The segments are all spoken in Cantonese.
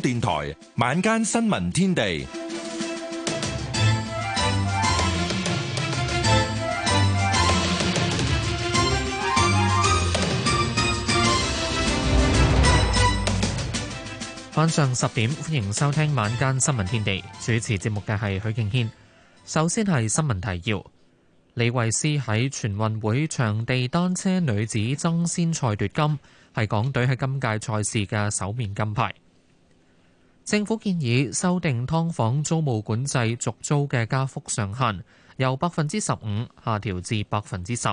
電台晚間新聞天地，晚上十點，歡迎收聽晚間新聞天地。主持節目嘅係許敬軒。首先係新聞提要：李慧詩喺全運會場地單車女子爭先賽奪金，係港隊喺今屆賽事嘅首面金牌。政府建議修訂劏房租務管制續租嘅加幅上限，由百分之十五下調至百分之十。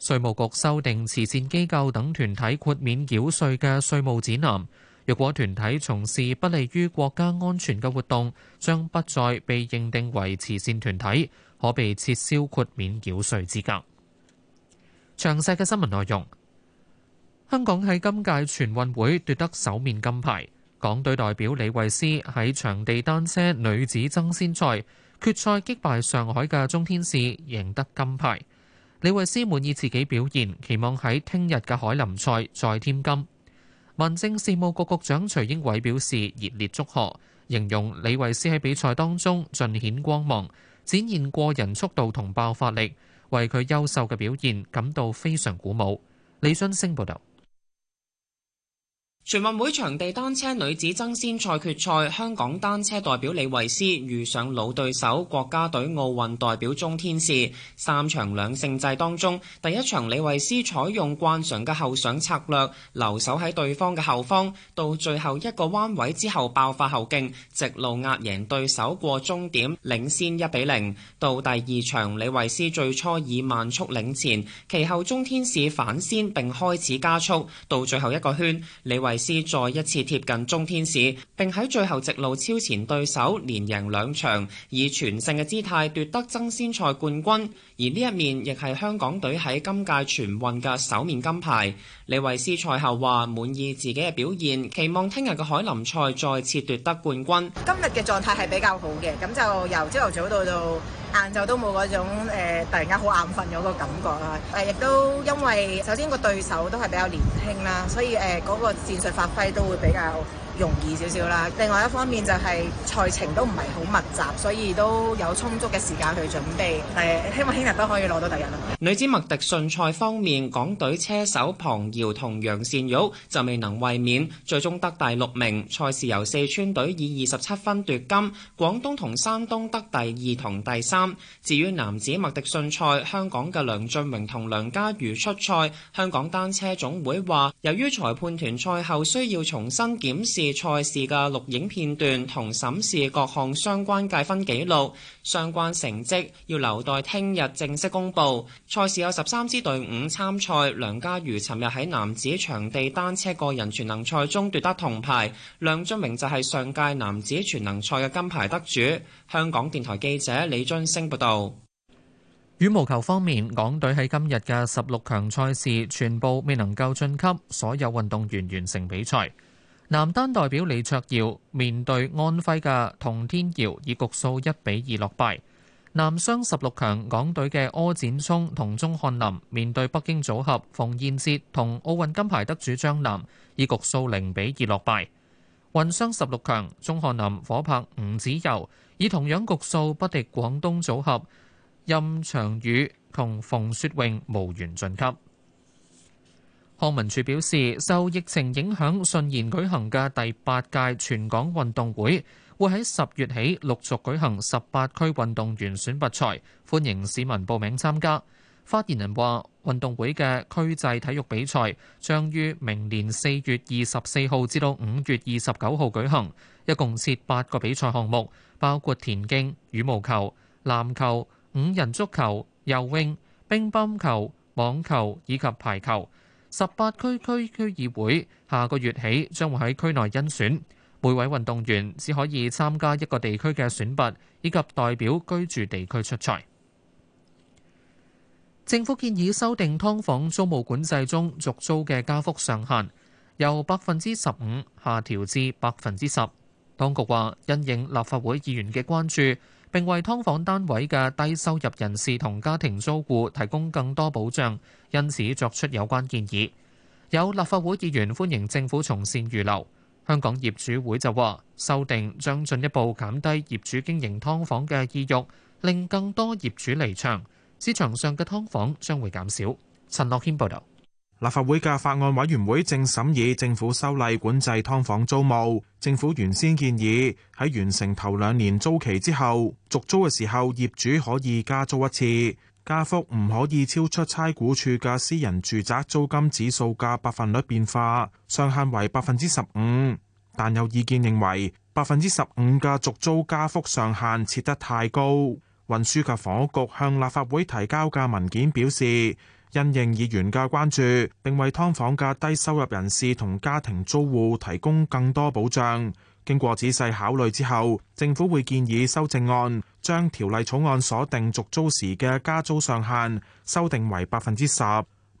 稅務局修訂慈善機構等團體豁免繳稅嘅稅務指南，若果團體從事不利於國家安全嘅活動，將不再被認定為慈善團體，可被撤銷豁免繳稅資格。詳細嘅新聞內容，香港喺今屆全運會奪得首面金牌。港隊代表李慧詩喺場地單車女子爭先賽決賽擊敗上海嘅鍾天使贏得金牌。李慧詩滿意自己表現，期望喺聽日嘅海林賽再添金。民政事務局局長徐英偉表示熱烈祝賀，形容李慧詩喺比賽當中盡顯光芒，展現過人速度同爆發力，為佢優秀嘅表現感到非常鼓舞。李津升報道。全運會場地單車女子爭先賽決賽，香港單車代表李慧詩遇上老對手國家隊奧運代表鍾天使，三場兩勝制當中，第一場李慧詩採用慣常嘅後上策略，留守喺對方嘅後方，到最後一個彎位之後爆發後勁，直路壓贏對手過終點，領先一比零。到第二場，李慧詩最初以慢速領前，其後鍾天使反先並開始加速，到最後一個圈，李慧李慧詩再一次貼近中天使，並喺最後直路超前對手，連贏兩場，以全勝嘅姿態奪得爭先賽冠軍。而呢一面亦係香港隊喺今屆全運嘅首面金牌。李慧詩賽後話滿意自己嘅表現，期望聽日嘅凱林賽再次奪得冠軍。今日嘅狀態係比較好嘅，咁就由朝頭早到到。晏晝都冇嗰種誒、呃、突然間好眼瞓嗰個感覺啦，誒、呃、亦都因為首先個對手都係比較年輕啦，所以誒嗰、呃嗰個戰術發揮都會比較容易少少啦。另外一方面就係賽程都唔係好密集，所以都有充足嘅時間去準備，誒，希望聽日都可以攞到第一啦。女子麥迪遜賽方面，港隊車手龐瑤同楊善玉就未能衛冕，最終得第六名。賽事由四川隊以二十七分奪金，廣東同山東得第二同第三。至於男子麥迪遜賽，香港嘅梁俊榮同梁家瑜出賽，香港單車總會話由於裁判團賽後需要重新檢視。賽事嘅錄影片段同審視各項相關計分記錄，相關成績要留待聽日正式公布。賽事有十三支隊伍參賽。梁家瑜尋日喺男子場地單車個人全能賽中奪得銅牌，梁俊明就係上屆男子全能賽嘅金牌得主。香港電台記者李津升報道。羽毛球方面，港隊喺今日嘅十六強賽事全部未能夠晉級，所有運動員完成比賽。男單代表李卓耀面對安徽嘅童天耀，以局數一比二落敗。男雙十六強港隊嘅柯展聰同鍾漢林面對北京組合馮彥哲同奧運金牌得主張楠，以局數零比二落敗。混雙十六強鍾漢林夥拍吳子柔，以同樣局數不敵廣東組合任翔宇同馮雪穎，無緣晉級。康文署表示，受疫情影響，順延舉行嘅第八屆全港運動會會喺十月起陸續舉行十八區運動員選拔賽，歡迎市民報名參加。發言人話，運動會嘅區際體育比賽將於明年四月二十四號至到五月二十九號舉行，一共設八個比賽項目，包括田徑、羽毛球、籃球、五人足球、游泳、乒乓球、網球、球以及排球。十八區區區議會下個月起將會喺區內甄選，每位運動員只可以參加一個地區嘅選拔，以及代表居住地區出賽。政府建議修訂劏房租務管制中續租嘅加幅上限，由百分之十五下調至百分之十。當局話，因應立法會議員嘅關注，並為劏房單位嘅低收入人士同家庭租戶提供更多保障，因此作出有關建議。有立法會議員歡迎政府從善如流。香港業主會就話，修訂將進一步減低業主經營劏房嘅意欲，令更多業主離場，市場上嘅劏房將會減少。陳樂軒報導。立法會嘅法案委員會正審議政府修例管制劏房租務。政府原先建議喺完成頭兩年租期之後續租嘅時候，業主可以加租一次，加幅唔可以超出差估處嘅私人住宅租金指數嘅百分率變化上限為百分之十五。但有意見認為百分之十五嘅續租加幅上限設得太高。運輸及房屋局向立法會提交嘅文件表示。因應議員嘅關注，並為劏房嘅低收入人士同家庭租戶提供更多保障，經過仔細考慮之後，政府會建議修正案，將條例草案所定續租時嘅加租上限修訂為百分之十。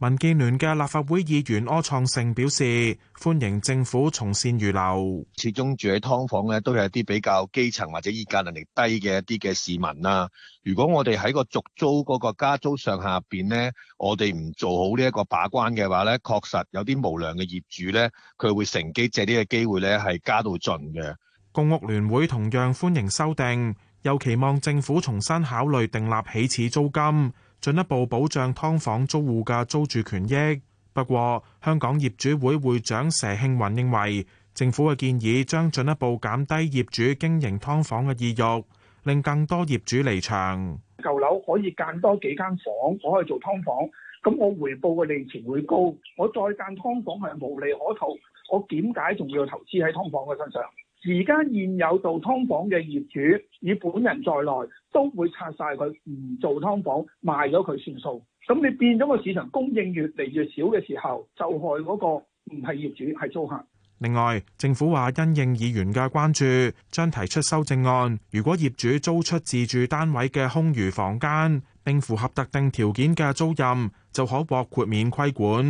民建聯嘅立法會議員柯創盛表示，歡迎政府從善如流。始終住喺劏房咧，都有一啲比較基層或者依家能力低嘅一啲嘅市民啊。如果我哋喺個續租嗰個加租上下邊呢，我哋唔做好呢一個把關嘅話呢，確實有啲無良嘅業主呢，佢會乘機借呢個機會呢，係加到盡嘅。公屋聯會同樣歡迎修訂，又期望政府重新考慮訂立起始租金。進一步保障劏房租戶嘅租住權益。不過，香港業主會會長佘慶雲認為，政府嘅建議將進一步減低業主經營劏房嘅意欲，令更多業主離場。舊樓可以間多幾間房，我可以做劏房，咁我回報嘅利錢會高。我再間劏房係無利可圖，我點解仲要投資喺劏房嘅身上？而家現有做劏房嘅業主，以本人在內都會拆晒佢，唔做劏房，賣咗佢算數，咁你變咗個市場供應越嚟越少嘅時候，就害嗰個唔係業主，係租客。另外，政府話因應議員嘅關注，將提出修正案，如果業主租出自住單位嘅空餘房間並符合特定條件嘅租賃就可獲豁免規管。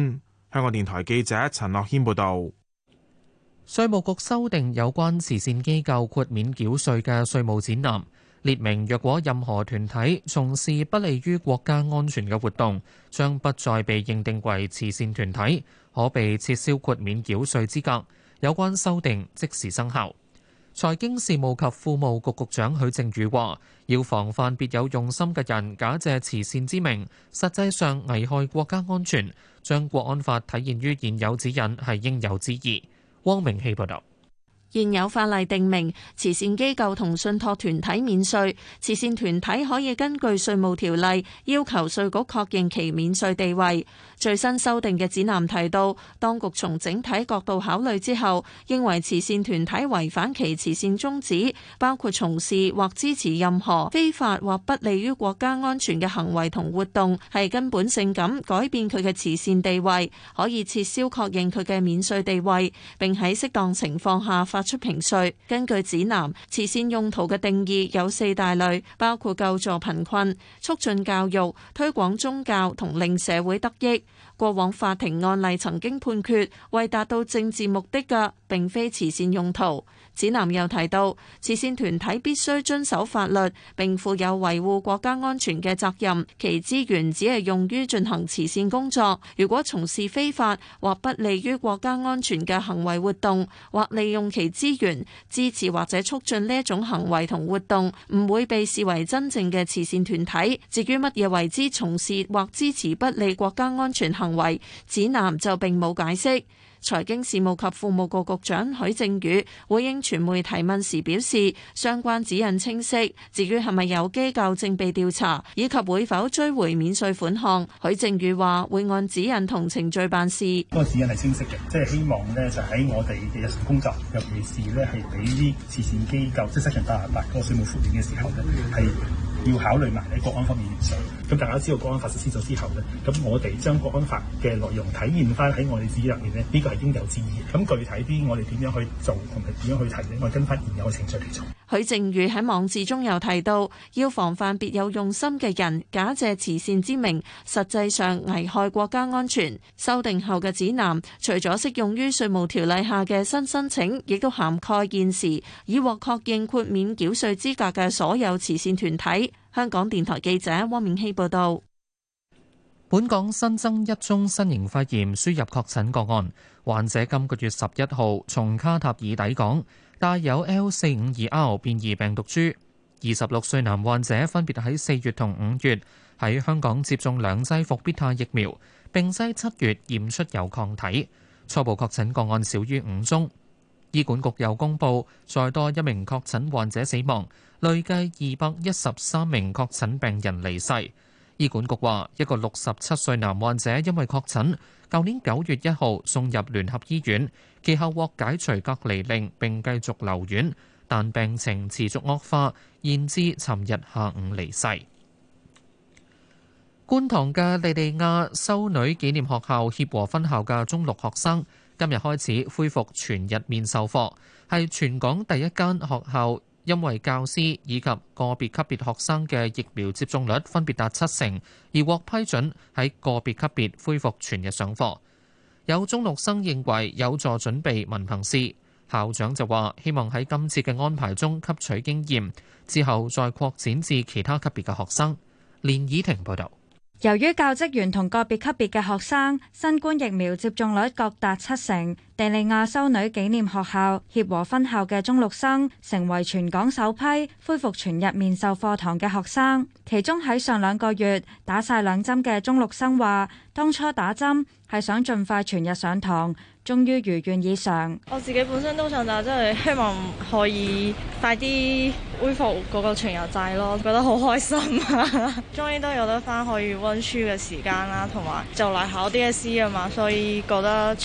香港電台記者陳樂謙報道。稅務局修訂有關慈善機構豁免繳稅嘅稅務指南，列明若果任何團體從事不利於國家安全嘅活動，將不再被認定為慈善團體，可被撤銷豁免繳稅資格。有關修訂即時生效。財經事務及庫務局局長許正宇話，要防範別有用心嘅人假借慈善之名，實際上危害國家安全，將國安法體現於現有指引係應有之義。汪明希報道。現有法例定明，慈善機構同信託團體免稅。慈善團體可以根據稅務條例要求稅局確認其免稅地位。最新修訂嘅指南提到，當局從整體角度考慮之後，認為慈善團體違反其慈善宗旨，包括從事或支持任何非法或不利於國家安全嘅行為同活動，係根本性咁改變佢嘅慈善地位，可以撤銷確認佢嘅免稅地位，並喺適當情況下發出評稅，根據指南，慈善用途嘅定義有四大類，包括救助貧困、促進教育、推廣宗教同令社會得益。過往法庭案例曾經判決，為達到政治目的嘅，並非慈善用途。指南又提到，慈善團體必須遵守法律，並負有維護國家安全嘅責任。其資源只係用於進行慈善工作。如果從事非法或不利於國家安全嘅行為活動，或利用其資源支持或者促進呢一種行為同活動，唔會被視為真正嘅慈善團體。至於乜嘢為之從事或支持不利國家安全行為，指南就並冇解釋。財經事務及庫務局局長許正宇回應傳媒提問時表示，相關指引清晰。至於係咪有機構正被調查，以及會否追回免稅款項，許正宇話會按指引同程序辦事。嗰個指引係清晰嘅，即係希望呢就喺、是、我哋嘅日常工作，尤其是呢係俾啲慈善機構，即係西場大行辦嗰個稅務豁免嘅時候咧，要考慮埋喺國安方面上，咁大家知道國安法實施咗之後咧，咁我哋將國安法嘅內容體現翻喺我哋自己入面咧，呢個係應有之意。咁具體啲，我哋點樣去做同埋點樣去提咧，我哋跟翻現有嘅程序嚟做。許正宇喺網誌中又提到，要防範別有用心嘅人假借慈善之名，實際上危害國家安全。修訂後嘅指南，除咗適用於稅務條例下嘅新申請，亦都涵蓋現時已獲確認豁免繳稅資格嘅所有慈善團體。香港電台記者汪綿希報道。本港新增一宗新型肺炎輸入確診個案，患者今個月十一號從卡塔爾抵港。帶有 L452R 變異病毒株，二十六歲男患者分別喺四月同五月喺香港接種兩劑復必泰疫苗，並喺七月驗出有抗體。初步確診個案少於五宗。醫管局又公布再多一名確診患者死亡，累計二百一十三名確診病人離世。醫管局話，一個六十七歲男患者因為確診，舊年九月一號送入聯合醫院，其後獲解除隔離令並繼續留院，但病情持續惡化，現至尋日下午離世。觀塘嘅地利亞修女紀念學校協和分校嘅中六學生，今日開始恢復全日面授課，係全港第一間學校。因為教師以及個別級別學生嘅疫苗接種率分別達七成，而獲批准喺個別級別恢復全日上課。有中六生認為有助準備文憑試，校長就話希望喺今次嘅安排中吸取經驗，之後再擴展至其他級別嘅學生。連倚婷報道。由於教職員同個別級別嘅學生新冠疫苗接種率各達七成，地利亞修女紀念學校協和分校嘅中六生成為全港首批恢復全日面授課堂嘅學生。其中喺上兩個月打晒兩針嘅中六生話，當初打針係想盡快全日上堂。終於如願以償。我自己本身都想就真係希望可以快啲恢復個全日制咯，覺得好開心啊！終 於都有得返可以溫書嘅時間啦，同埋就嚟考 DSE 啊嘛，所以覺得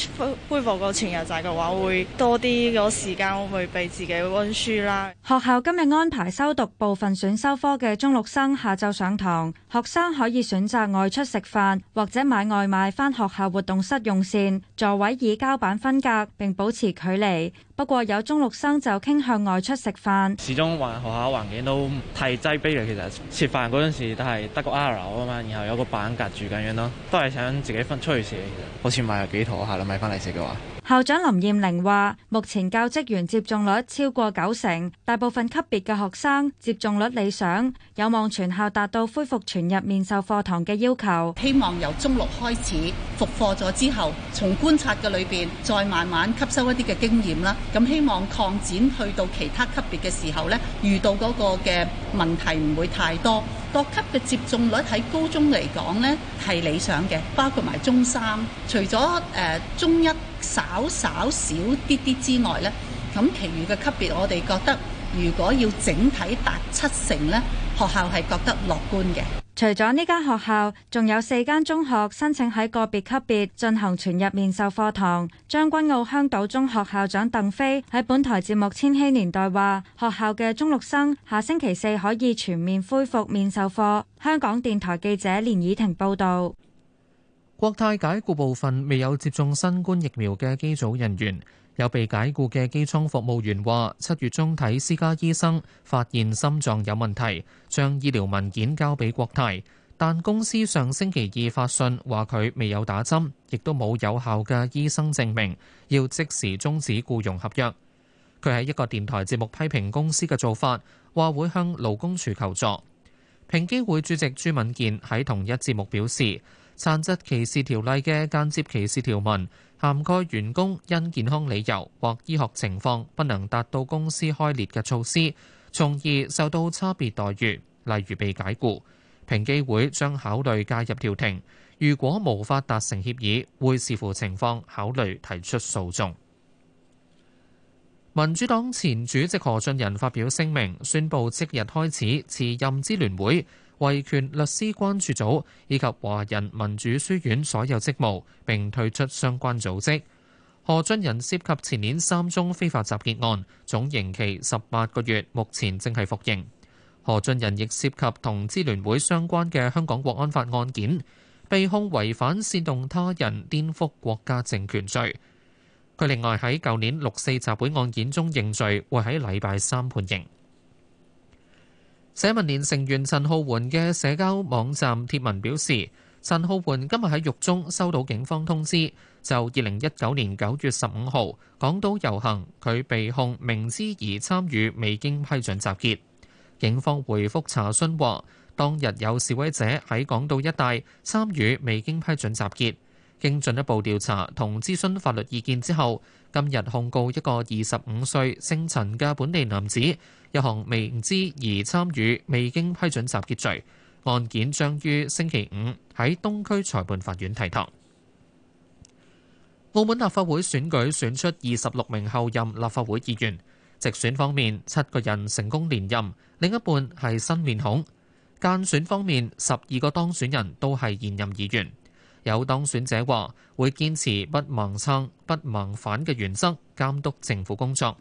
恢復個全日制嘅話，會多啲嗰時間會俾自己溫書啦。學校今日安排修讀部分選修科嘅中六生下晝上堂，學生可以選擇外出食飯或者買外賣返學校活動室用膳。座位已膠板分隔，並保持距離。不過有中六生就傾向外出食飯。始終喺學校環境都太擠逼啦。其實食飯嗰陣時都係得個阿樓啊嘛，o, 然後有個板隔住咁樣咯，都係想自己分出去食。其實好似買又幾妥下啦，買翻嚟食嘅話。校長林燕玲話，目前教職員接種率超過九成，大部分級別嘅學生接種率理想，有望全校達到恢復全日面授課堂嘅要求。希望由中六開始復課咗之後，從觀察嘅裏邊再慢慢吸收一啲嘅經驗啦。咁希望擴展去到其他級別嘅時候，呢，遇到嗰個嘅問題唔會太多。各級嘅接種率喺高中嚟講，呢係理想嘅，包括埋中三，除咗誒、呃、中一。少少少啲啲之外咧，咁其餘嘅級別我哋覺得，如果要整體達七成咧，學校係覺得樂觀嘅。除咗呢間學校，仲有四間中學申請喺個別級別進行全日面授課堂。將軍澳香島中學校長鄧飛喺本台節目《千禧年代》話，學校嘅中六生下星期四可以全面恢復面授課。香港電台記者連倚婷報道。國泰解僱部分未有接種新冠疫苗嘅機組人員，有被解僱嘅機艙服務員話：七月中睇私家醫生，發現心臟有問題，將醫療文件交俾國泰。但公司上星期二發信話佢未有打針，亦都冇有效嘅醫生證明，要即時終止僱傭合約。佢喺一個電台節目批評公司嘅做法，話會向勞工處求助。平機會主席朱敏健喺同一節目表示。殘疾歧視條例嘅間接歧視條文，涵蓋員工因健康理由或醫學情況不能達到公司開列嘅措施，從而受到差別待遇，例如被解雇。平機會將考慮介入調停，如果無法達成協議，會視乎情況考慮提出訴訟。民主黨前主席何俊仁發表聲明，宣布即日開始辭任支聯會、維權律師關注組以及華人民主書院所有職務，並退出相關組織。何俊仁涉及前年三宗非法集結案，總刑期十八個月，目前正係服刑。何俊仁亦涉及同支聯會相關嘅香港國安法案件，被控違反煽動他人顛覆國家政權罪。佢另外喺舊年六四集會案件中認罪，會喺禮拜三判刑。社民連成員陳浩桓嘅社交網站貼文表示，陳浩桓今日喺獄中收到警方通知，就二零一九年九月十五號港島遊行，佢被控明知而參與未經批准集結。警方回覆查詢話，當日有示威者喺港島一帶參與未經批准集結。經進一步調查同諮詢法律意見之後，今日控告一個二十五歲姓陳嘅本地男子，一項明知而參與未經批准集結罪。案件將於星期五喺東區裁判法院提堂。澳門立法會選舉選出二十六名後任立法會議員，直選方面七個人成功連任，另一半係新面孔；間選方面十二個當選人都係現任議員。有當選者話：會堅持不盲撐、不盲反嘅原則監督政府工作。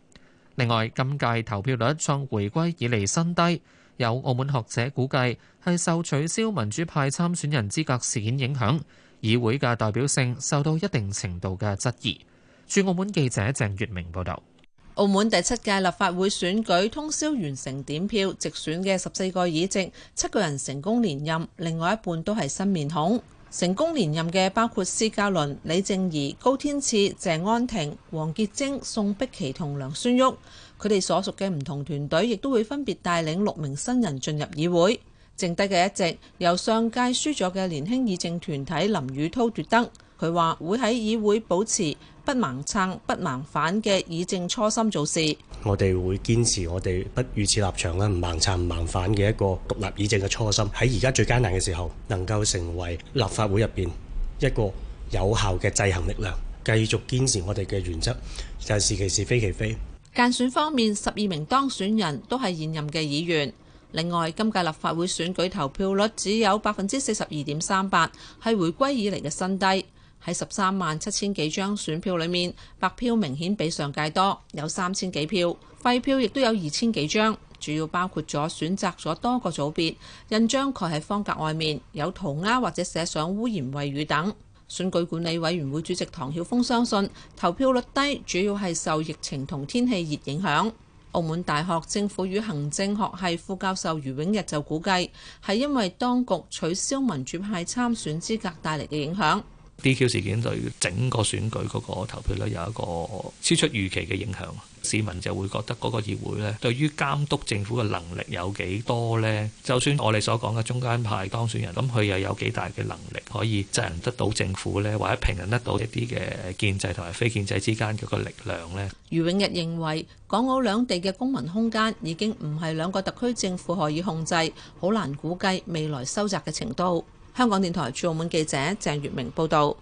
另外，今屆投票率創回歸以嚟新低，有澳門學者估計係受取消民主派參選人資格事件影響，議會嘅代表性受到一定程度嘅質疑。駐澳門記者鄭月明報道。澳門第七屆立法會選舉通宵完成點票，直選嘅十四個議席，七個人成功連任，另外一半都係新面孔。成功連任嘅包括施家倫、李靜儀、高天賜、鄭安庭、黃潔貞、宋碧琪同梁孫旭，佢哋所屬嘅唔同團隊亦都會分別帶領六名新人進入議會，剩低嘅一席由上屆輸咗嘅年輕議政團體林宇滔奪得。佢話：會喺議會保持不盲撐、不盲反嘅議政初心做事。我哋會堅持我哋不如此立場啦，唔盲撐、唔盲反嘅一個獨立議政嘅初心。喺而家最艱難嘅時候，能夠成為立法會入邊一個有效嘅制衡力量，繼續堅持我哋嘅原則，就係是其是非其非。間選方面，十二名當選人都係現任嘅議員。另外，今屆立法會選舉投票率只有百分之四十二點三八，係回歸以嚟嘅新低。喺十三萬七千幾張選票裏面，白票明顯比上屆多，有三千幾票，廢票亦都有二千幾張，主要包括咗選擇咗多個組別、印章蓋喺方格外面、有塗鴉或者寫上污言穢語等。選舉管理委員會主席唐曉峰相信投票率低主要係受疫情同天氣熱影響。澳門大學政府與行政學系副教授余永逸就估計係因為當局取消民主派參選資格帶嚟嘅影響。DQ 事件對整個選舉嗰個投票率有一個超出預期嘅影響，市民就會覺得嗰個議會咧，對於監督政府嘅能力有幾多咧？就算我哋所講嘅中間派當選人，咁佢又有幾大嘅能力可以責任得到政府咧，或者平衡得到一啲嘅建制同埋非建制之間嗰個力量咧？余永逸認為，港澳兩地嘅公民空間已經唔係兩個特區政府可以控制，好難估計未來收窄嘅程度。香港電台駐澳門記者鄭月明報道：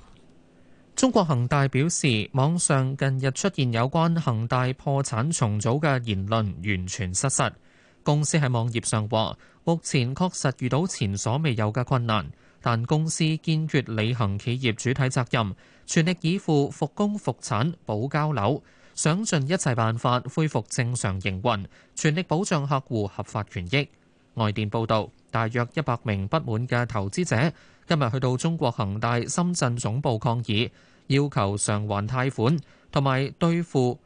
中國恒大表示，網上近日出現有關恒大破產重組嘅言論，完全失實。公司喺網頁上話，目前確實遇到前所未有嘅困難，但公司堅決履行企業主體責任，全力以赴復工復產、保交樓，想盡一切辦法恢復正常營運，全力保障客戶合法權益。外電報道。大約一百名不滿嘅投資者今日去到中國恒大深圳總部抗議，要求償還貸款同埋兌付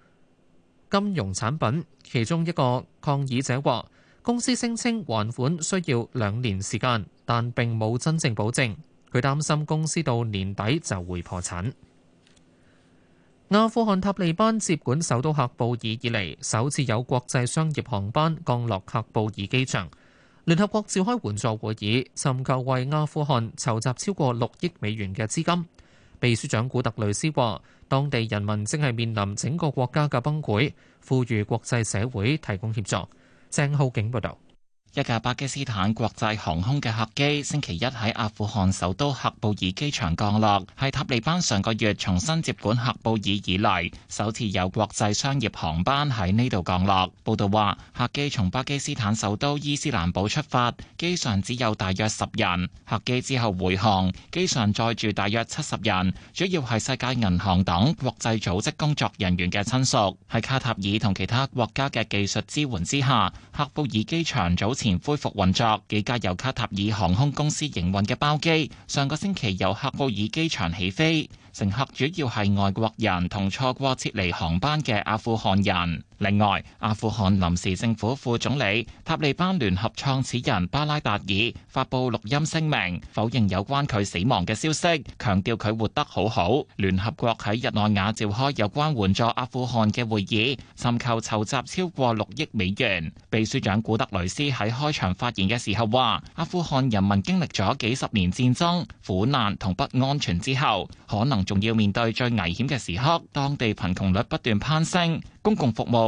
金融產品。其中一個抗議者話：公司聲稱還款需要兩年時間，但並冇真正保證。佢擔心公司到年底就會破產。阿富汗塔利班接管首都喀布爾以嚟，首次有國際商業航班降落喀布爾機場。聯合國召開援助會議，尋求為阿富汗籌集超過六億美元嘅資金。秘書長古特雷斯話，當地人民正係面臨整個國家嘅崩潰，呼籲國際社會提供協助。鄭浩景報導。一架巴基斯坦國際航空嘅客機星期一喺阿富汗首都喀布爾機場降落，係塔利班上個月重新接管喀布爾以嚟，首次有國際商業航班喺呢度降落。報道話，客機從巴基斯坦首都伊斯蘭堡出發，機上只有大約十人。客機之後回航，機上載住大約七十人，主要係世界銀行等國際組織工作人員嘅親屬。喺卡塔爾同其他國家嘅技術支援之下，喀布爾機場早前恢復運作，幾架由卡塔爾航空公司營運嘅包機，上個星期由喀布爾機場起飛，乘客主要係外國人同錯過撤離航班嘅阿富汗人。另外，阿富汗臨時政府副總理、塔利班聯合創始人巴拉達爾發佈錄音聲明，否認有關佢死亡嘅消息，強調佢活得好好。聯合國喺日內瓦召開有關援助阿富汗嘅會議，尋求籌集超過六億美元。秘書長古德雷斯喺開場發言嘅時候話，阿富汗人民經歷咗幾十年戰爭，苦難同不安全之後，可能仲要面對最危險嘅時刻。當地貧窮率不斷攀升，公共服務。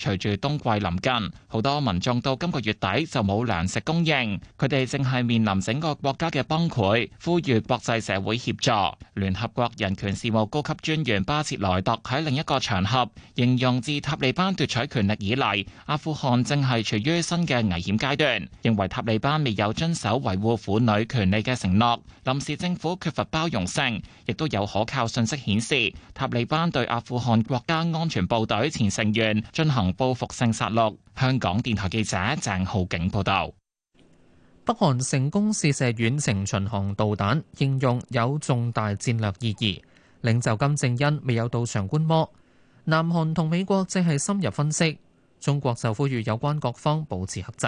隨住冬季臨近，好多民眾到今個月底就冇糧食供應，佢哋正係面臨整個國家嘅崩潰，呼籲國際社會協助。聯合國人權事務高級專員巴切萊特喺另一個場合形容，自塔利班奪取權力以嚟，阿富汗正係處於新嘅危險階段，認為塔利班未有遵守維護婦女權利嘅承諾，臨時政府缺乏包容性，亦都有可靠信息顯示，塔利班對阿富汗國家安全部隊前成員進行報復性殺戮。香港電台記者鄭浩景報道，北韓成功試射遠程巡航導彈，應用有重大戰略意義。領袖金正恩未有到場觀摩。南韓同美國正係深入分析。中國就呼籲有關各方保持克制。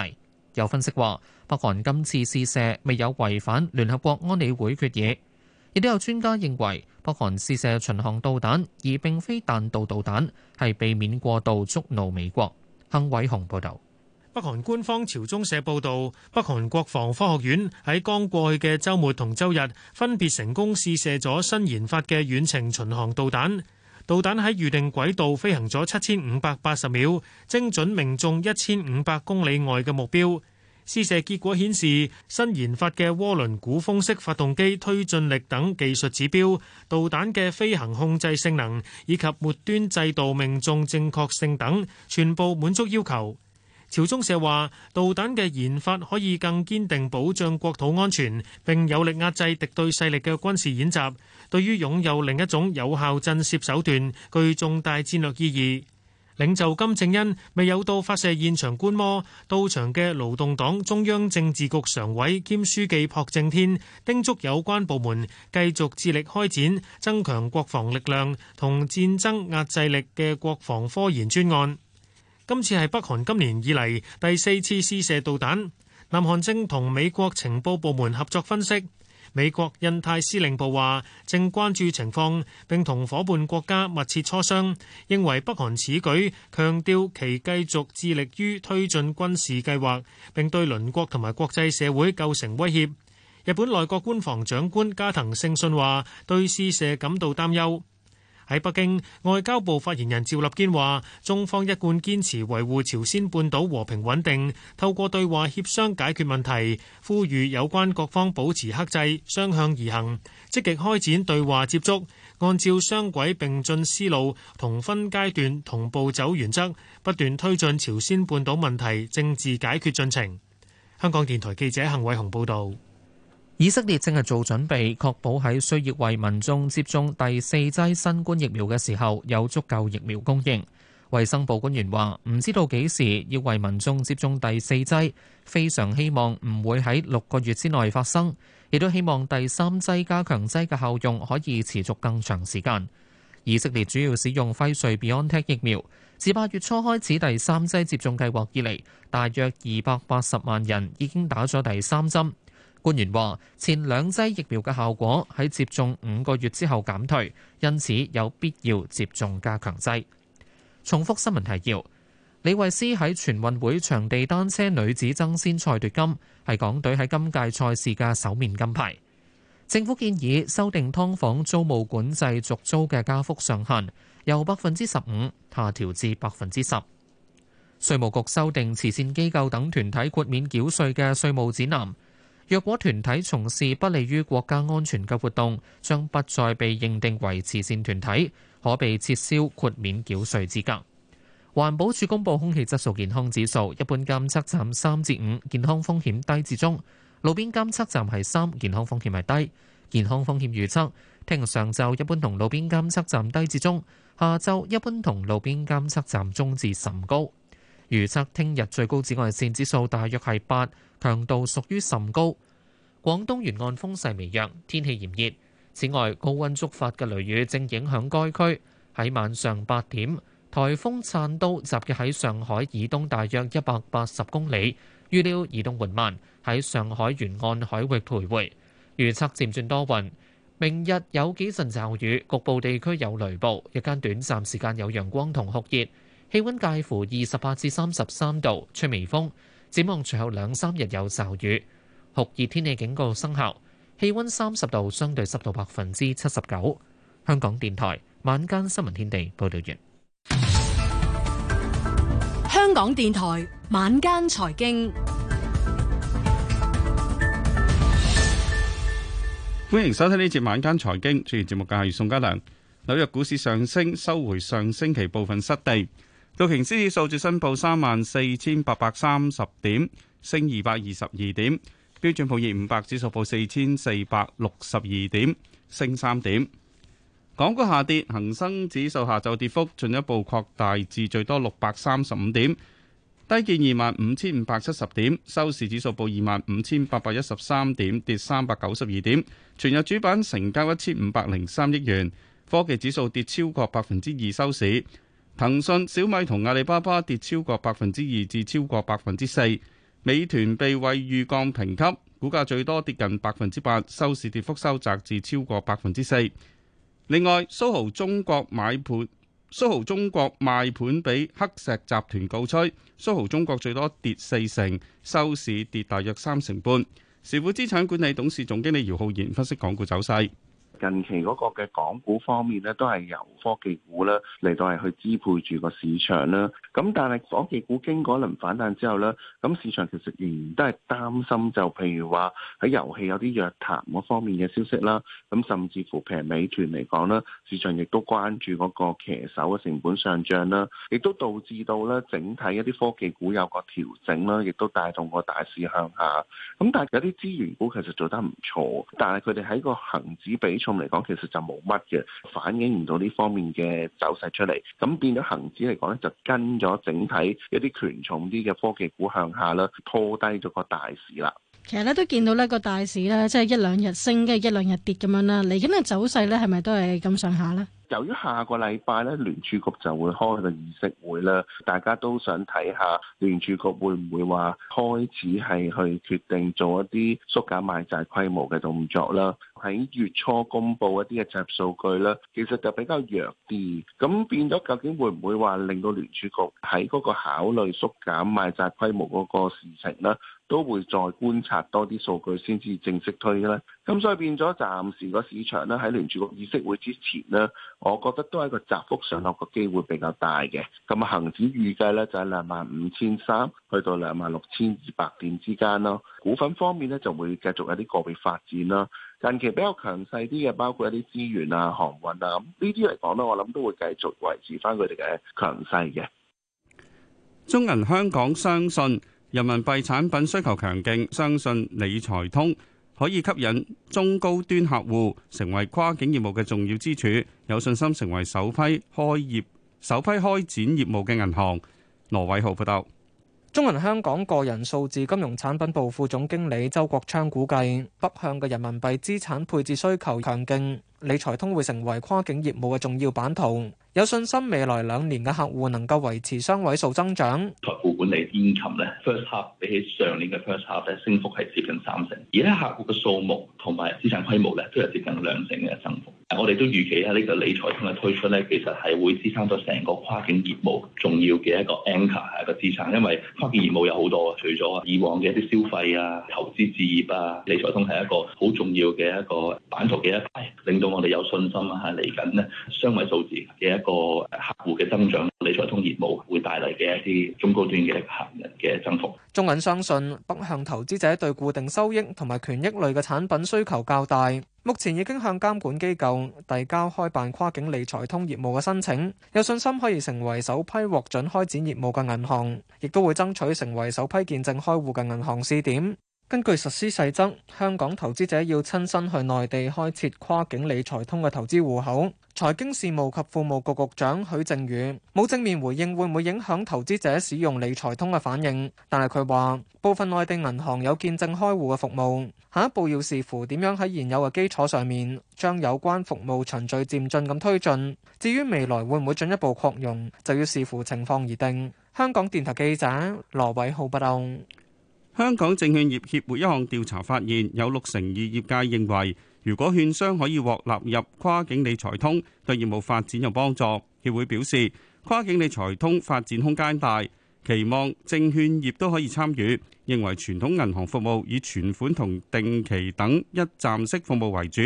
有分析話，北韓今次試射未有違反聯合國安理會決議。亦都有專家認為。北韓試射巡航導彈，而並非彈道導彈，係避免過度觸怒美國。亨偉雄報導，北韓官方朝中社報導，北韓國防科學院喺剛過去嘅週末同周日分別成功試射咗新研發嘅遠程巡航導彈，導彈喺預定軌道飛行咗七千五百八十秒，精準命中一千五百公里外嘅目標。試射結果顯示，新研發嘅渦輪鼓風式發動機推進力等技術指標，導彈嘅飛行控制性能以及末端制導命中正確性等，全部滿足要求。朝中社話，導彈嘅研發可以更堅定保障國土安全，並有力壓制敵對勢力嘅軍事演習，對於擁有另一種有效震懾手段，具重大戰略意義。領袖金正恩未有到發射現場觀摩，到場嘅勞動黨中央政治局常委兼書記朴正天叮囑有關部門繼續致力開展增強國防力量同戰爭壓制力嘅國防科研專案。今次係北韓今年以嚟第四次試射導彈，南韓正同美國情報部門合作分析。美國印太司令部話正關注情況，並同伙伴國家密切磋商，認為北韓此舉強調其繼續致力於推進軍事計劃，並對鄰國同埋國際社會構成威脅。日本內閣官房長官加藤勝信話對試射感到擔憂。喺北京，外交部發言人趙立堅話，中方一貫堅持維護朝鮮半島和平穩定，透過對話協商解決問題，呼籲有關各方保持克制，相向而行，積極開展對話接觸，按照雙軌並進思路同分階段同步走原則，不斷推進朝鮮半島問題政治解決進程。香港電台記者幸偉雄報道。以色列正係做準備，確保喺需要為民眾接種第四劑新冠疫苗嘅時候有足夠疫苗供應。衛生部官員話：唔知道幾時要為民眾接種第四劑，非常希望唔會喺六個月之內發生，亦都希望第三劑加強劑嘅效用可以持續更長時間。以色列主要使用輝瑞 BioNTech 疫苗，自八月初開始第三劑接種計劃以嚟，大約二百八十萬人已經打咗第三針。官員話：前兩劑疫苗嘅效果喺接種五個月之後減退，因此有必要接種加強劑。重複新聞提要：李慧詩喺全運會場地單車女子爭先賽奪金，係港隊喺今屆賽事嘅首面金牌。政府建議修訂劏房租務管制續租嘅加幅上限，由百分之十五下調至百分之十。稅務局修訂慈善機構等團體豁免繳稅嘅稅務指南。若果團體從事不利於國家安全嘅活動，將不再被認定為慈善團體，可被撤銷豁免繳稅資格。環保署公布空氣質素健康指數，一般監測站三至五，健康風險低至中；路邊監測站係三，健康風險係低。健康風險預測，聽日上晝一般同路邊監測站低至中，下晝一般同路邊監測站中至甚高。預測聽日最高紫外線指數大約係八。強度屬於甚高，廣東沿岸風勢微弱，天氣炎熱。此外，高溫觸發嘅雷雨正影響該區。喺晚上八點，颱風燦都集結喺上海以東大約一百八十公里，預料移動緩慢，喺上海沿岸海域徘徊。預測漸轉多雲。明日有幾陣驟雨，局部地區有雷暴，一間短暫時間有陽光同酷熱，氣溫介乎二十八至三十三度，吹微風。展望最後兩三日有驟雨，酷熱天氣警告生效，氣溫三十度，相對濕度百分之七十九。香港電台晚間新聞天地報道完。香港電台晚間財經，歡迎收聽呢節晚間財經，主持節目嘅係宋家良。紐約股市上升，收回上星期部分失地。道瓊斯指數續申報三萬四千八百三十點，升二百二十二點。標準普爾五百指數報四千四百六十二點，升三點。港股下跌，恒生指數下晝跌幅進一步擴大至最多六百三十五點。低見二萬五千五百七十點，收市指數報二萬五千八百一十三點，跌三百九十二點。全日主板成交一千五百零三億元，科技指數跌超過百分之二收市。騰訊、小米同阿里巴巴跌超過百分之二至超過百分之四，美團被為預降評級，股價最多跌近百分之八，收市跌幅收窄至超過百分之四。另外，蘇豪中國買盤，蘇豪中國賣盤畀黑石集團告吹，蘇豪中國最多跌四成，收市跌大約三成半。時富資產管理董事總經理姚浩然分析港股走勢。近期嗰個嘅港股方面咧，都係由科技股咧嚟到係去支配住個市場啦。咁但係科技股經過一輪反彈之後咧，咁市場其實仍然都係擔心，就譬如話喺遊戲有啲約談嗰方面嘅消息啦。咁甚至乎譬如美團嚟講啦，市場亦都關注嗰個騎手嘅成本上漲啦，亦都導致到咧整體一啲科技股有個調整啦，亦都帶動個大市向下。咁但係有啲資源股其實做得唔錯，但係佢哋喺個恒指比重嚟講其實就冇乜嘅，反映唔到呢方面嘅走勢出嚟，咁變咗恒指嚟講咧就跟咗整體一啲權重啲嘅科技股向下啦，拖低咗個大市啦。其實咧都見到呢個大市咧即係一兩日升嘅，一兩日跌咁樣啦。嚟緊嘅走勢咧係咪都係咁上下咧？由於下個禮拜咧聯儲局就會開個議息會啦，大家都想睇下聯儲局會唔會話開始係去決定做一啲縮減買債規模嘅動作啦。喺月初公布一啲嘅集數據啦，其實就比較弱啲，咁變咗究竟會唔會話令到聯儲局喺嗰個考慮縮減買債規模嗰個事情呢，都會再觀察多啲數據先至正式推呢，咁所以變咗暫時個市場咧喺聯儲局議息會之前呢。我覺得都係一個窄幅上落嘅機會比較大嘅，咁恒指預計咧就喺兩萬五千三去到兩萬六千二百點之間咯。股份方面咧就會繼續有啲個別發展啦。近期比較強勢啲嘅包括一啲資源啊、航運啊，咁呢啲嚟講咧，我諗都會繼續維持翻佢哋嘅強勢嘅。中銀香港相信人民幣產品需求強勁，相信理財通。可以吸引中高端客戶，成為跨境業務嘅重要支柱，有信心成為首批開業、首批開展業務嘅銀行。羅偉浩報道。中銀香港個人數字金融產品部副總經理周國昌估計，北向嘅人民幣資產配置需求強勁。理財通會成為跨境業務嘅重要版圖，有信心未來兩年嘅客戶能夠維持雙位數增長。財富管理嘅 income 咧，first half 比起上年嘅 first half 咧，升幅係接近三成，而家客戶嘅數目同埋資產規模咧，都係接近兩成嘅增幅。我哋都預期喺呢個理財通嘅推出咧，其實係會支撐咗成個跨境業務重要嘅一個 anchor 係個資產，因為跨境業務有好多，啊，除咗以往嘅一啲消費啊、投資置業啊，理財通係一個好重要嘅一個版圖嘅一塊，令到。我哋有信心啊，嚟緊咧雙位數字嘅一個客戶嘅增長，理財通業務會帶嚟嘅一啲中高端嘅客人嘅增幅。中銀相信北向投資者對固定收益同埋權益類嘅產品需求較大，目前已經向監管機構遞交開辦跨境理財通業務嘅申請，有信心可以成為首批獲准開展業務嘅銀行，亦都會爭取成為首批見證開戶嘅銀行試點。根據實施細則，香港投資者要親身去內地開設跨境理財通嘅投資戶口。財經事務及庫務局局長許正宇冇正面回應會唔會影響投資者使用理財通嘅反應，但係佢話部分內地銀行有見證開戶嘅服務，下一步要視乎點樣喺現有嘅基礎上面將有關服務循序漸進咁推進。至於未來會唔會進一步擴容，就要視乎情況而定。香港電台記者羅偉浩報道。香港證券業協會一項調查發現，有六成二業界認為，如果券商可以獲納入跨境理財通，對業務發展有幫助。協會表示，跨境理財通發展空間大，期望證券業都可以參與。認為傳統銀行服務以存款同定期等一站式服務為主，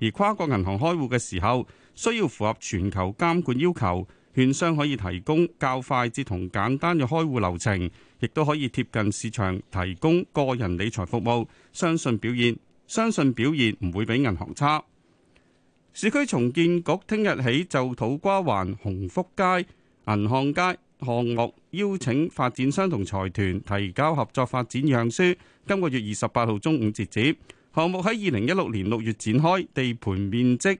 而跨國銀行開戶嘅時候，需要符合全球監管要求，券商可以提供較快捷同簡單嘅開戶流程。亦都可以貼近市場提供個人理財服務。相信表現，相信表現唔會比銀行差。市區重建局聽日起就土瓜灣、鴻福街、銀行街項目邀請發展商同財團提交合作發展樣書，今個月二十八號中午截止。項目喺二零一六年六月展開，地盤面積，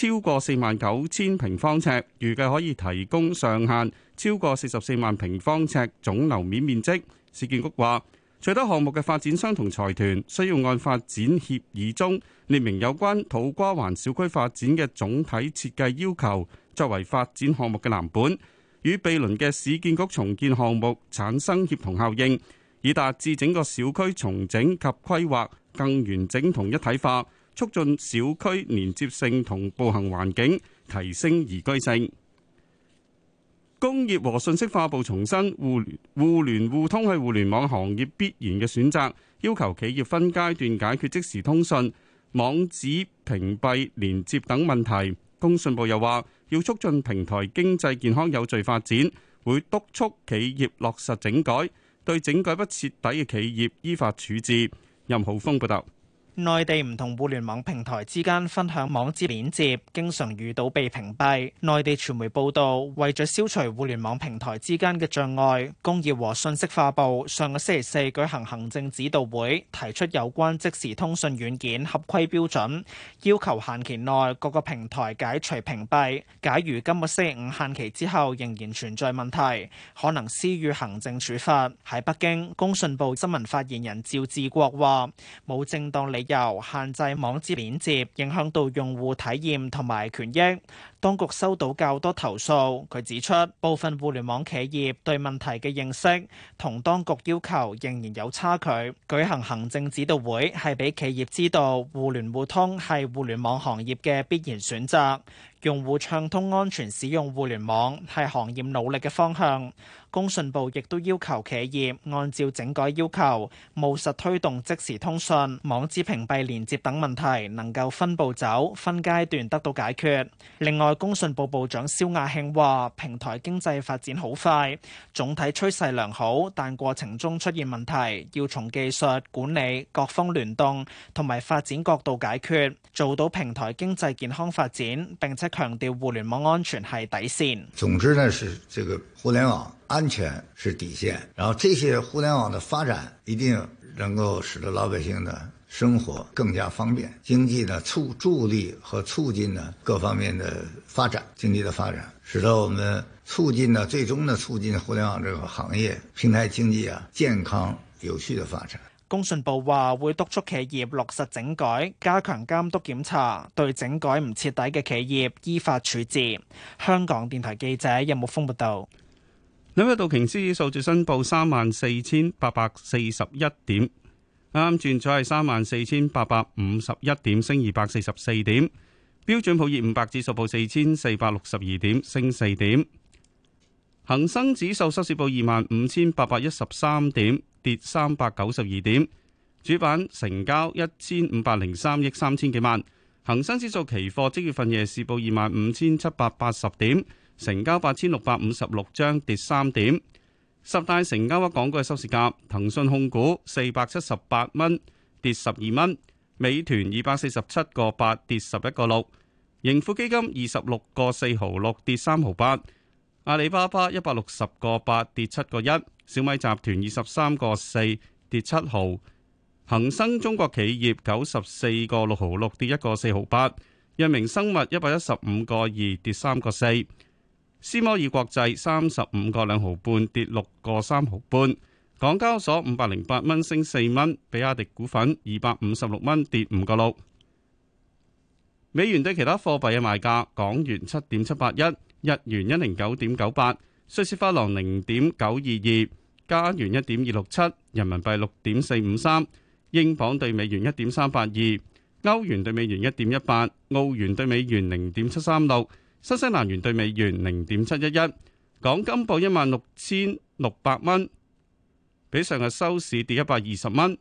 超過四萬九千平方尺，預計可以提供上限超過四十四萬平方尺總樓面面積。市建局話，取得項目嘅發展商同財團需要按發展協議中列明有關土瓜灣小區發展嘅總體設計要求，作為發展項目嘅藍本，與毗鄰嘅市建局重建項目產生協同效應，以達至整個小區重整及規劃更完整同一體化。促進小區連接性同步行環境，提升宜居性。工業和信息化部重申，互聯互聯互通係互聯網行業必然嘅選擇，要求企業分階段解決即時通訊網址屏蔽、連接等問題。工信部又話，要促進平台經濟健康有序發展，會督促企業落實整改，對整改不徹底嘅企業依法處置。任浩峰報道。內地唔同互聯網平台之間分享網址鏈接，經常遇到被屏蔽。內地傳媒報道，為咗消除互聯網平台之間嘅障礙，工業和信息化部上個星期四舉行行政指導會，提出有關即時通訊軟件合規標準，要求限期內各個平台解除屏蔽。假如今個星期五限期之後仍然存在問題，可能施予行政處罰。喺北京，工信部新聞發言人趙志國話：冇正當理。由限制網址鏈接，影響到用戶體驗同埋權益。當局收到較多投訴，佢指出部分互聯網企業對問題嘅認識同當局要求仍然有差距。舉行行政指導會係俾企業知道互聯互通係互聯網行業嘅必然選擇，用戶暢通安全使用互聯網係行業努力嘅方向。工信部亦都要求企業按照整改要求，務實推動即時通訊、網址屏蔽、連接等問題能夠分步走、分階段得到解決。另外。工信部部長肖亞慶話：平台經濟發展好快，總體趨勢良好，但過程中出現問題，要從技術、管理、各方聯動同埋發展角度解決，做到平台經濟健康發展，並且強調互聯網安全係底線。總之呢，是這個互聯網安全是底線，然後這些互聯網的發展一定能夠使得老百姓的。生活更加方便，經濟呢助力和促進呢各方面的發展，經濟的發展，使得我們促進呢最終呢促進互聯網這個行業平台經濟啊健康有序的發展。工信部話會督促企業落實整改，加強監督檢查，對整改唔徹底嘅企業依法處置。香港電台記者任木峰報道。兩日道瓊斯數字升報三萬四千八百四十一點。啱啱轉咗係三萬四千八百五十一點，升二百四十四點。標準普爾五百指數報四千四百六十二點，升四點。恒生指數收市報二萬五千八百一十三點，跌三百九十二點。主板成交一千五百零三億三千幾萬。恒生指數期貨即月份夜市報二萬五千七百八十點，成交八千六百五十六張，跌三點。十大成交額港股嘅收市價：騰訊控股四百七十八蚊，跌十二蚊；美團二百四十七個八，跌十一個六；盈富基金二十六個四毫六，跌三毫八；阿里巴巴一百六十個八，跌七個一；小米集團二十三個四，跌七毫；恒生中國企業九十四個六毫六，跌一個四毫八；藥明生物一百一十五個二，跌三個四。思摩爾國際三十五個兩毫半，跌六個三毫半。港交所五百零八蚊，升四蚊，比亞迪股份二百五十六蚊，跌五個六。美元對其他貨幣嘅賣價：港元七點七八一，日元一零九點九八，瑞士法郎零點九二二，加元一點二六七，人民幣六點四五三，英鎊對美元一點三八二，歐元對美元一點一八，澳元對美元零點七三六。新西蘭元兌美元零點七一一，港金報一萬六千六百蚊，比上日收市跌一百二十蚊。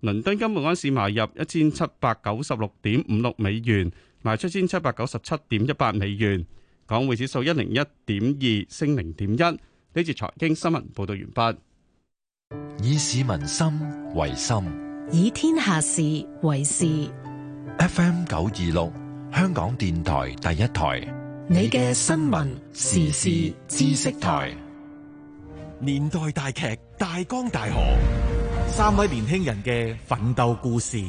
倫敦金每盎司買入一千七百九十六點五六美元，賣出一千七百九十七點一八美元。港匯指數一零一點二升零點一。呢次財經新聞報道完畢。以市民心為心，以天下事為事。F.M. 九二六，香港電台第一台。你嘅新聞時事知識台，年代大劇《大江大河》，三位年輕人嘅奮鬥故事。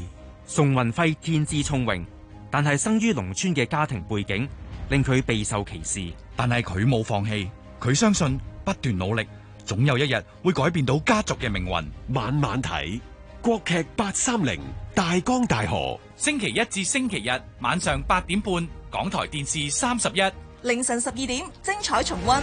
宋雲輝天資聰穎，但係生於農村嘅家庭背景令佢備受歧視，但係佢冇放棄，佢相信不斷努力，總有一日會改變到家族嘅命運。晚晚睇國劇八三零《大江大河》，星期一至星期日晚上八點半。港台電視三十一，凌晨十二點，精彩重溫。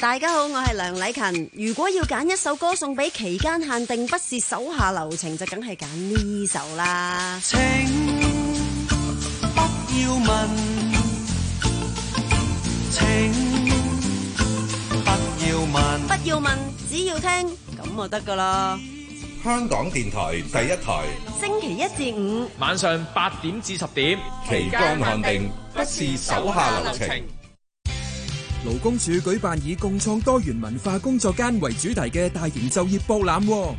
大家好，我係梁禮勤。如果要揀一首歌送俾期間限定，不是手下留情，就梗係揀呢首啦。請不要問，請不要問，不要問，只要聽，咁就得噶啦。香港電台第一台，星期一至五晚上八點至十點，期間限定，不是手下留情。勞工處舉辦以共創多元文化工作間為主題嘅大型就業博覽，我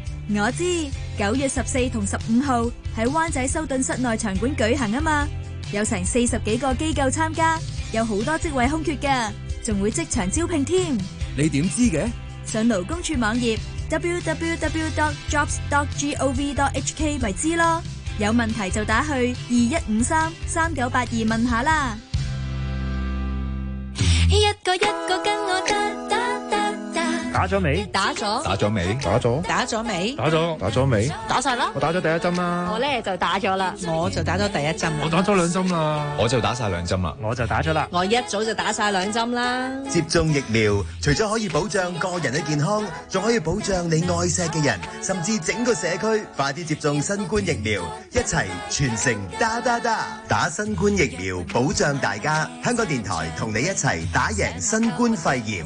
知九月十四同十五號喺灣仔修頓室內場館舉行啊嘛，有成四十幾個機構參加，有好多職位空缺嘅，仲會即場招聘添。你點知嘅？上勞工處網頁。www.jobs.gov.hk 咪知咯，有問題就打去二一五三三九八二問下啦。一個一個跟我得。 打咗未？打咗。打咗未？打咗。打咗未？打咗。打咗未？打晒啦！我打咗第一針啦。我呢就打咗啦，我就打咗第一針啦。我打咗兩針啦，我就打晒兩針啦。我就打咗啦，我一早就打晒兩針啦。接種疫苗，除咗可以保障個人嘅健康，仲可以保障你愛錫嘅人，甚至整個社區。快啲接種新冠疫苗，一齊全城！打，打打打，打新冠疫苗保障大家。香港電台同你一齊打贏新冠肺炎。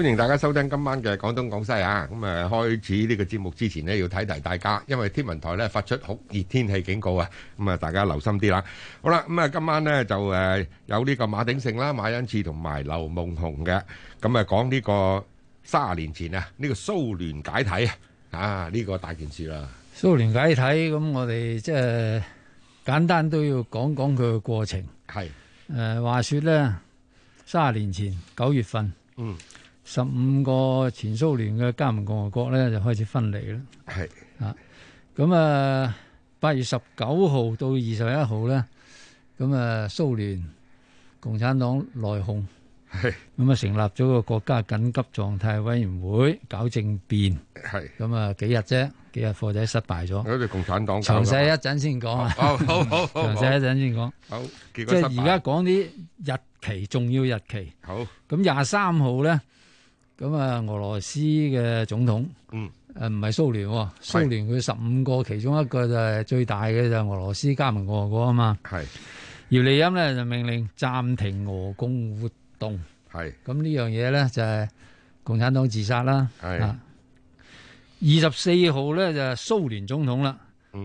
歡迎大家收聽今晚嘅廣東廣西啊！咁啊，開始呢個節目之前咧，要提提大家，因為天文台咧發出酷熱天氣警告啊！咁啊，大家留心啲啦。好啦，咁啊，今晚咧就誒有呢個馬鼎盛啦、馬恩賜同埋劉夢紅嘅，咁啊講呢個三十年前啊呢個蘇聯解體啊啊呢個大件事啦。蘇聯解體，咁我哋即係簡單都要講講佢嘅過程。係誒，話說咧，三十年前九月份，嗯。十五個前蘇聯嘅加盟共和國咧就開始分離啦。係啊，咁啊八月十九號到二十一號咧，咁啊蘇聯共產黨內訌，咁啊成立咗個國家緊急狀態委員會搞政變。係咁啊幾日啫？幾日或者失敗咗？我哋共產黨詳細一陣先講。好好好，詳細一陣先講。好，即係而家講啲日期重要日期。好，咁廿三號咧。咁啊，俄羅斯嘅總統，誒唔係蘇聯，蘇聯佢十五個其中一個就係最大嘅就係俄羅斯加盟共和國啊嘛。係是。葉利欽呢就命令暫停俄共活動。係是。咁呢樣嘢咧就係、是、共產黨自殺啦。係是。二十四號咧就係蘇、是、聯總統啦，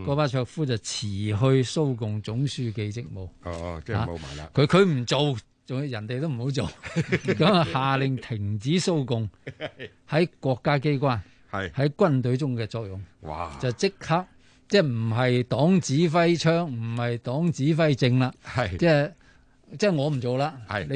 戈巴卓夫就辭去蘇共總書記職務。哦，即係冇埋啦。佢佢唔做。仲要人哋都唔好做，咁 啊下令停止蘇共喺國家機關，係，喺軍隊中嘅作用。哇！就即刻即係唔係黨指揮槍，唔係黨指揮政啦。係是，即係即係我唔做啦。係是。